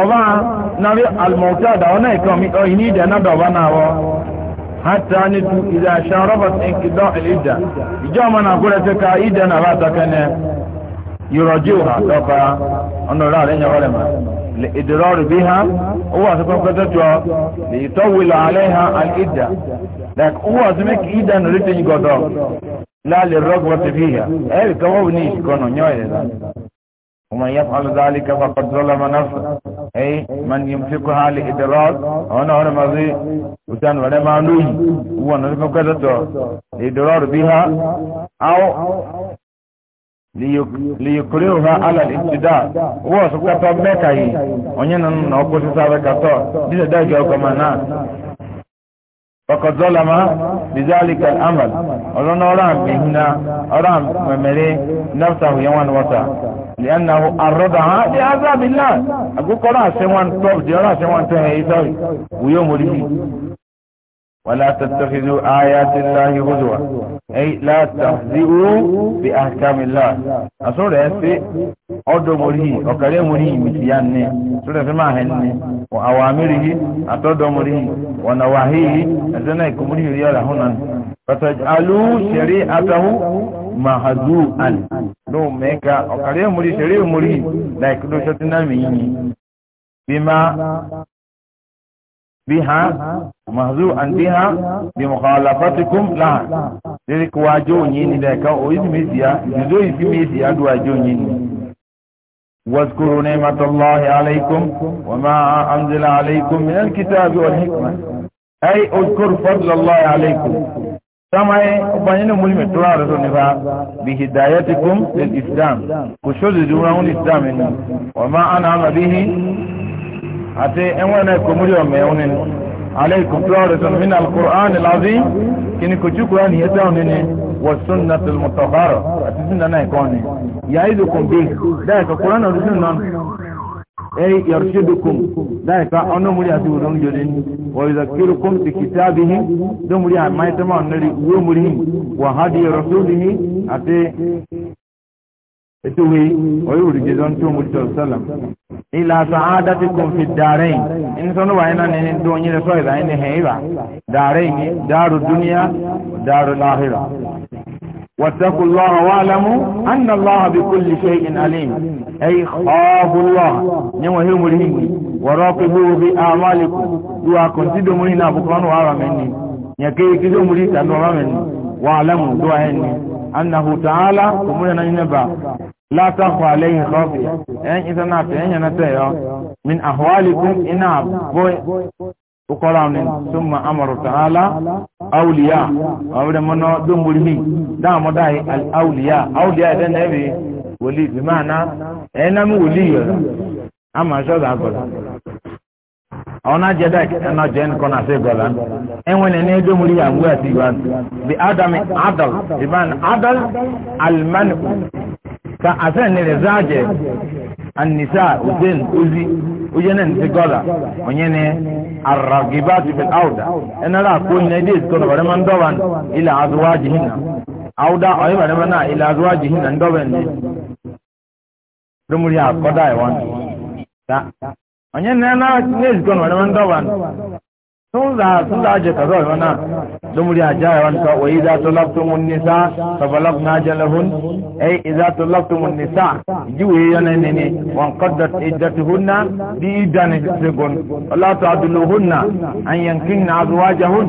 ọba nari almauta da wani ikomi ɗoyini da na dọba na wọ hata ni tu ida sharabat in kido ilida ijo mana kure ta ka ida na ba ta kane yurojiu ha dọba ọnà rà lẹyìn ọrẹ ma lè ìdúrọrù bí ha ó wà sọpọ pẹtẹ tó lè ìtọwìlọ alẹ ha alida like ó wà sọpọ kí ida nà rìtìn gọdọ lálẹ rọgbọ tẹfì ha ẹrì kọwọ ní ìṣìkọ nà nyọ ìrẹlá ومن يفعل ذلك فقد ظلم نفسه أي من يمسكها لإدراك أنا أنا مغي وكان ولا معنوي هو أنا مكذبته لإدرار بها أو liyukuriuha ala lintida wo sukatɔ mɛ ka yi onye nanu na ɔkusi sabe katɔ disa dagi ɔkɔma na فقد ظلم بذلك الأمل أظن أرام هنا أرام ممري نفسه يوان وطا لأنه أرضها لعذاب الله أقول قراء سوان طب جراء سوان تهي ويوم ريسي ولا تتخذوا آيات الله هزوا أي لا تهزئوا بأحكام الله أصول في أدو مريه وكري مريه متياني سورة ما هن وأوامره أتدو مريه ونواهيه أزنا يكمريه ريالا هنا فتجعلوا شريعته مهزوءا لو ميكا وكري مريه شريع مريه لا يكدو شتنا ميني بما بها ومهزوءا بها بمخالفتكم لها ذلك واجو لك ذاك وإذ ميسيا جزوي في ميسيا دواجو واذكروا نعمة الله عليكم وما أنزل عليكم من الكتاب والحكمة أي اذكر فضل الله عليكم كما بيننا ملم ترى رسولنا بهدايتكم للإسلام وشد دون الإسلام وما أنعم به àti ẹwọn náà kò múrí ọmọ ẹwọn nínú aleikum flores on min alquran lazim kini ko chukura ni yata on ni wa sunnat al mutahhara àti sunna na ko ni yaidukum bi da ka quran on sunna non ay yarshidukum da ka ono muri àti won jode ni wa yuzakkirukum bi kitabihi do muri ma tama on ni wo muri wa hadi rasulihi àti etowe oyuri jizon tu mujjo sallam ila sa'adatikum fi darain in sonu wa ina ne do nyi le soyi da ina heiba darain daru dunya daru lahira واتقوا الله واعلموا ان الله بكل شيء عليم اي خافوا الله نيما هي مريني وراقبوا باعمالكم دعاكم تدمرين ابو كانوا عامني يا كي كيزو مريتا نو عامني واعلموا دعائني أنه تعالى كمرنا ينبع لا تخفى عليه خافية أين إذا نافع أين نتيا من أحوالكم إنا وقرامن ثم أمر تعالى أولياء أولا منا دمره دام داي الأولياء أولياء ده نبي ولي بمعنى أنا مولي أما شو ذا onu ajedek ena ojen kono ase godadu enwene enye edomoli ya ngu asigodi bi ada adal di bani adal ali ka ase ta asenere saa je anisaa usen ne ojene nsi onye onyene aro gi batu ibe awụda enere akwụnyere ebe esi tolubere ma ndọban ila azụwa ajị ị na awụda oe na ila azuwa ajị ị na ndọba enye edomoli ya akọdọ ị ta. onye nne na nezikọ na wani ndọba sun za sun za je kazo wana dumuri aja ya wani wa idza talaqtum nisa fabalagna ajalahun ay idza talaqtum nisa jiwe yana ne ne wan qaddat iddatuhunna bi iddan sigun la ta'duluhunna an yankinna azwajahun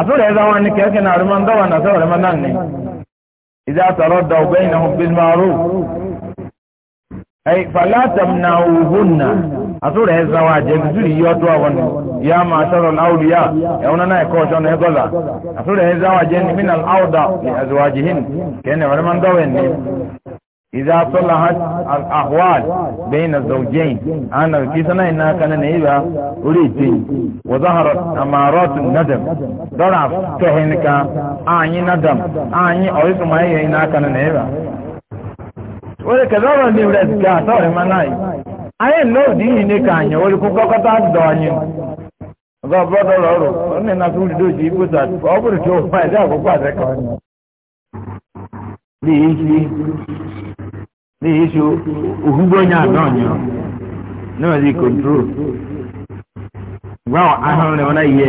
asura idza wani ke kana ruman dawa na sawar manan ne idza taradda bainahum bil ma'ruf ay fala tamna'uhunna asura ya zawa je zuri yo to awon ya ma sharal awliya ya una na ko shon he gola asura ya zawa je min al awda li azwajihin kene warman dawen ne idza salahat al ahwal bain az zawjayn ana kisana inna kana ne ba uri ti wa zaharat amarat an nadam dara tohinka anyi nadam anyi oyisu ina kana ne ba wala kadara ni wala ka manai anyị nnọọ dị iyi ne ka anya wọle kụkọ kọta dọ anyị ọrụ na na tụrụ doji ikwu ka ọ bụrụ tụọ ma ịdị akwụkwọ adị ka n'ihi isi ohugbo onye kontrol ahụrụ na ihe ya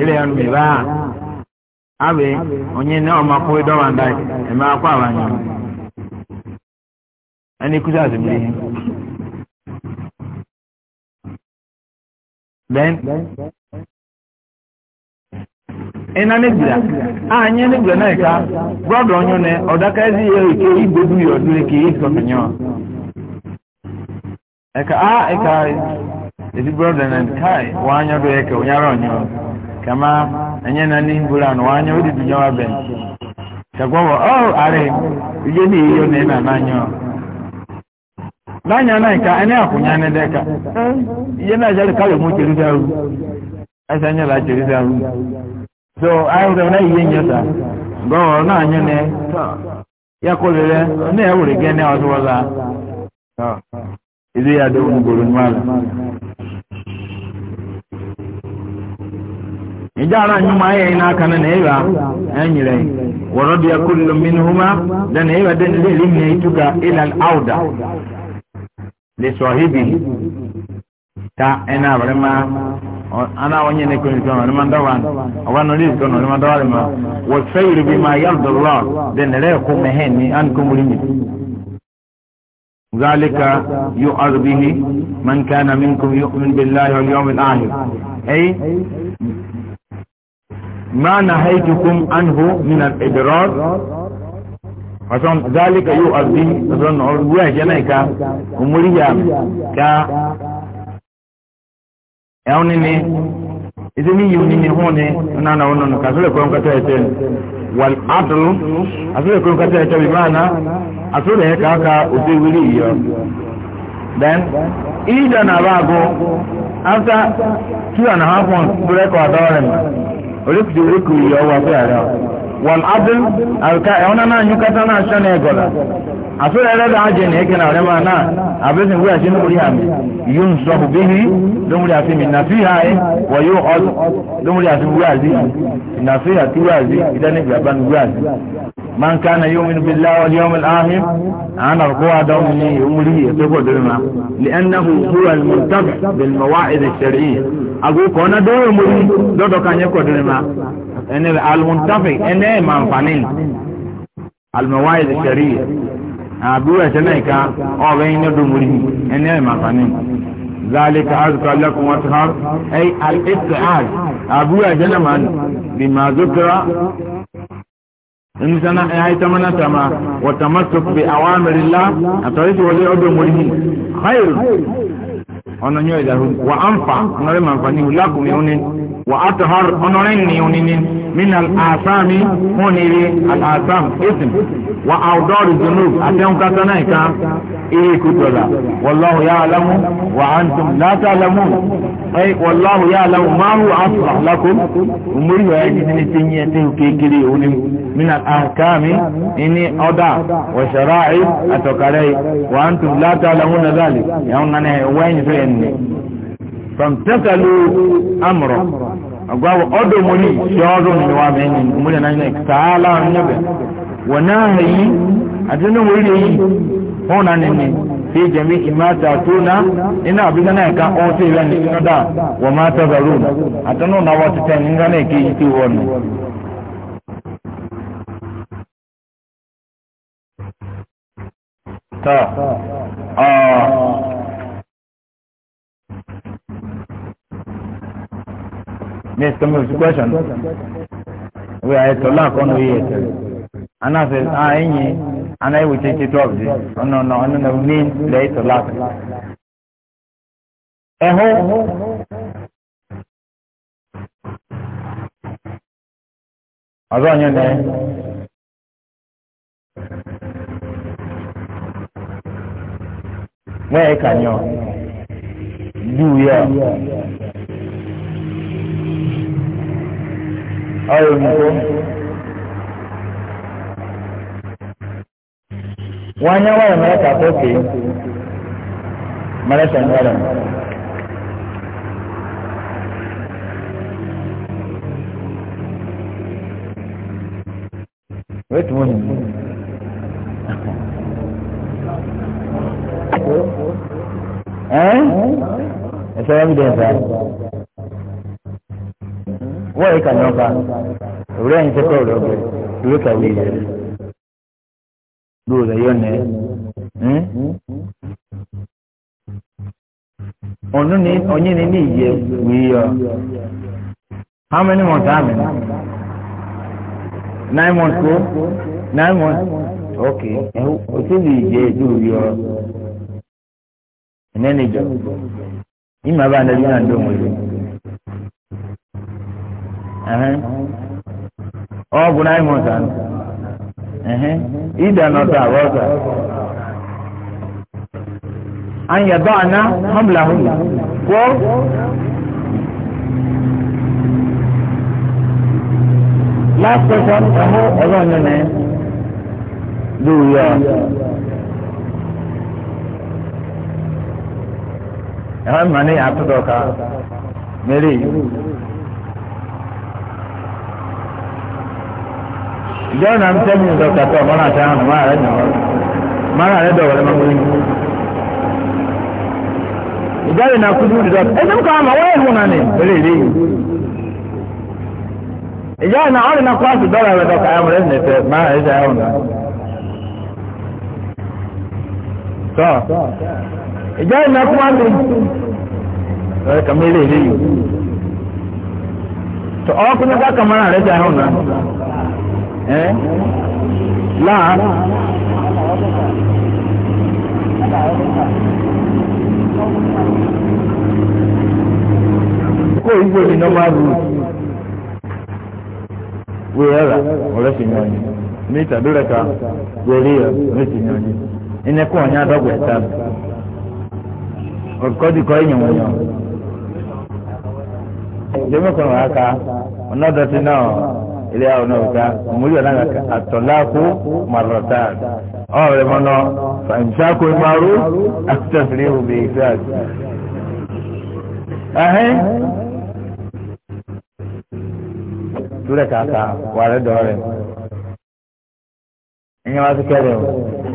ile ya ebe a abụ onye na ọmakwụ ịdọba ndị eme akwa abanye ẹni kúṣà sí mi yìí. Then ina n'egbira anyị n'egbira na ịka brọda onye ne ọdaka ezi ya ike igbe bu ya ọdụ ike ịsọ nyọ ịka a ịka ezi brọda na ịka wa anya do eke ka onye ara onye kama enye na ndị ngwuru anụ wa anya odi bi nyọ wa ben ọ arị ije na iyo na ị na-ananyọ lánàá náà ìka ẹni àkùnyá ní dẹ́ka iye náà ṣe káyọ̀ mú jerusalem ẹsẹ̀ nyẹ̀lá jerusalem so ayọ̀rọ̀ náà iye nyẹ̀ sá gbọ́wọ́ náà nyẹ̀ ní yakọ̀lẹ̀ rẹ̀ ní ẹ̀wùrẹ̀ gẹ́ ní ọdún wọlá ìdí yàdó onugboro ní wàlẹ̀. ìjà ara nyuma ayé yìí n'aka ní na ìwà wọ́rọ̀ bí ẹkọ́ ní huma dẹ́nu ìwà dẹ́nu lè lé لصاحبه ta ena vrema ana wanye ne kun kono ne mandawan awano lis kono ne mandawale ma wa sayru bima yarda Allah den re ko meheni an kumulini ذلك يؤذ به من كان منكم يؤمن بالله واليوم الآخر أي ما نهيتكم عنه من الإبرار wasan zalika yau arzi wasan ruwa ya nai ka umuriya ka yawon ne isi ni yiwu ni hone na na wannan ka sura ko ka ta wal adl asura ko ka ta ta bi mana asura ya ka ka usi wuri yo then ida na bago after two and a half months break or dollar ori ku ori ku yo wa pe wal adl alka eh, ona na nyuka sana shana egola asura ere da aje ne kana rema na abese ngwa shi no buriya mi yun so bihi don muri afimi na fi hai eh, wa yu od don muri afimi wazi na fi ha tu wazi man kana yu'minu billahi wal yawmil akhir ana ruwa da umri ya dirma li'annahu huwa al-muntabi bil mawa'id ash-shar'iyyah agu kona do umri kanye ko dirma ان المنتفي ان من فنن الموائد الشرية أبوه سنعك أغين ندو مريه ان من فنن ذلك أذكى لكم أصحاب أي الإتعاد أبوه سنعك بما ذكر إن سنة أي تمنى تما وتمسك بأوامر الله أتريد ولي أدو مريه خير أنا نيو إذا وأنفع أنا لما لكم يونين وأطهر هنرني ونني من الآثام هنري الآثام اسم وأوضار الذنوب أتيهم كتنائكا إيه كتولا والله يعلم وأنتم لا تعلمون أي والله يعلم ما هو أصلح لكم أمري وأجدني سنيته كيكري من الأحكام إني أدع وشرائع أتوكالي وأنتم لا تعلمون ذلك يوم أنا وين فيني famtakalu amro agwawo odo moni shoro ni wa beni umuri na nek taala nyabe wanahi adinu wuri yi hona nene fi jami'i ma tatuna ina abisa na ka o se ran ina da wa ma na next come with question we are tola kono ye ana fe a enyi ana we take it off this oh, no no no no mean le tola eho ọzọ onye na wee kanyọ du ya Ayo, nìkó. wọ́n á nyáwó ẹ̀mọ́ ẹ̀ka fókè mẹ́rẹ́sẹ̀ ńlẹ́rẹ̀. wetu mwenye eh? Esa evidencia. wọ́n yìí kà ní ọba òwúrọ̀ ẹ̀yìn tẹ́kọ̀ ọ̀rọ̀ ọ̀bẹ dúró kàwé yẹn dúró rẹ̀ yọ̀ nẹ́ ọ̀nù ni ọ̀nyìn ni ní ìyẹ wíyọ how many months am I nine months ko nine months okay ọtí ni ìyẹ dúró yọ ẹ̀nẹ́nìjọ ìmọ̀ abáńdájú náà ń dọ̀ wọ́n yìí. ọ bụ na anyị Ịda ide nọta abụọ ka anyị anya hamla kwụọ last ọzọ onye na uyo ìjọba náà ń tẹ́ mi dọ́kítà tó ọmọ náà tẹ́wọ́n máa rẹ̀ dọ̀wọ́ máa rẹ̀ dọ̀wọ́ lẹ́mọ́ wọlé ìjọba náà kú dúró dọ́kítà ẹni kọ́ àmọ́ wọ́n yẹ̀ fún náà ni eré ìdí yìí ìjọba náà ọ̀rẹ́ náà kọ́ àti dọ́là rẹ̀ dọ́kítà ayọ̀ rẹ̀ nìfẹ̀ máa rẹ̀ dẹ̀ ẹ̀wọ̀n náà tọ́ ìjọba náà kú wá mi ọ̀rẹ́ kàmú eré ìdí yìí tọ́ ọ ẹ́ láà kó ìgbò ní normal rule wé ẹ̀rà e ọ̀rẹ́ sì yàn yín ní ìtàdúrẹ́ka wẹ̀rí e ọ̀rẹ́ sì yàn yín ẹnẹ́kùn ọ̀nyá dọ́gba ẹ̀ta ọ̀kọ́dìkọ́ ẹ̀yìn wọ̀nyí ọ̀rẹ́ mẹ́kànlá ká ọ̀nà dọ̀tí náà ilé àwọn náà ká múlí ọ̀nà àtọ̀láàkú màrọ̀tà ọ̀rẹ́ mọ́nà fàǹṣákò ìmárù àtẹ̀sílẹ̀ òbí ìfẹ́ ẹ̀hìn túrẹ̀ kàkà wàrẹ́ dọ̀ọ́rẹ́ ẹ̀yìn wá sí kẹ́rẹ̀ o.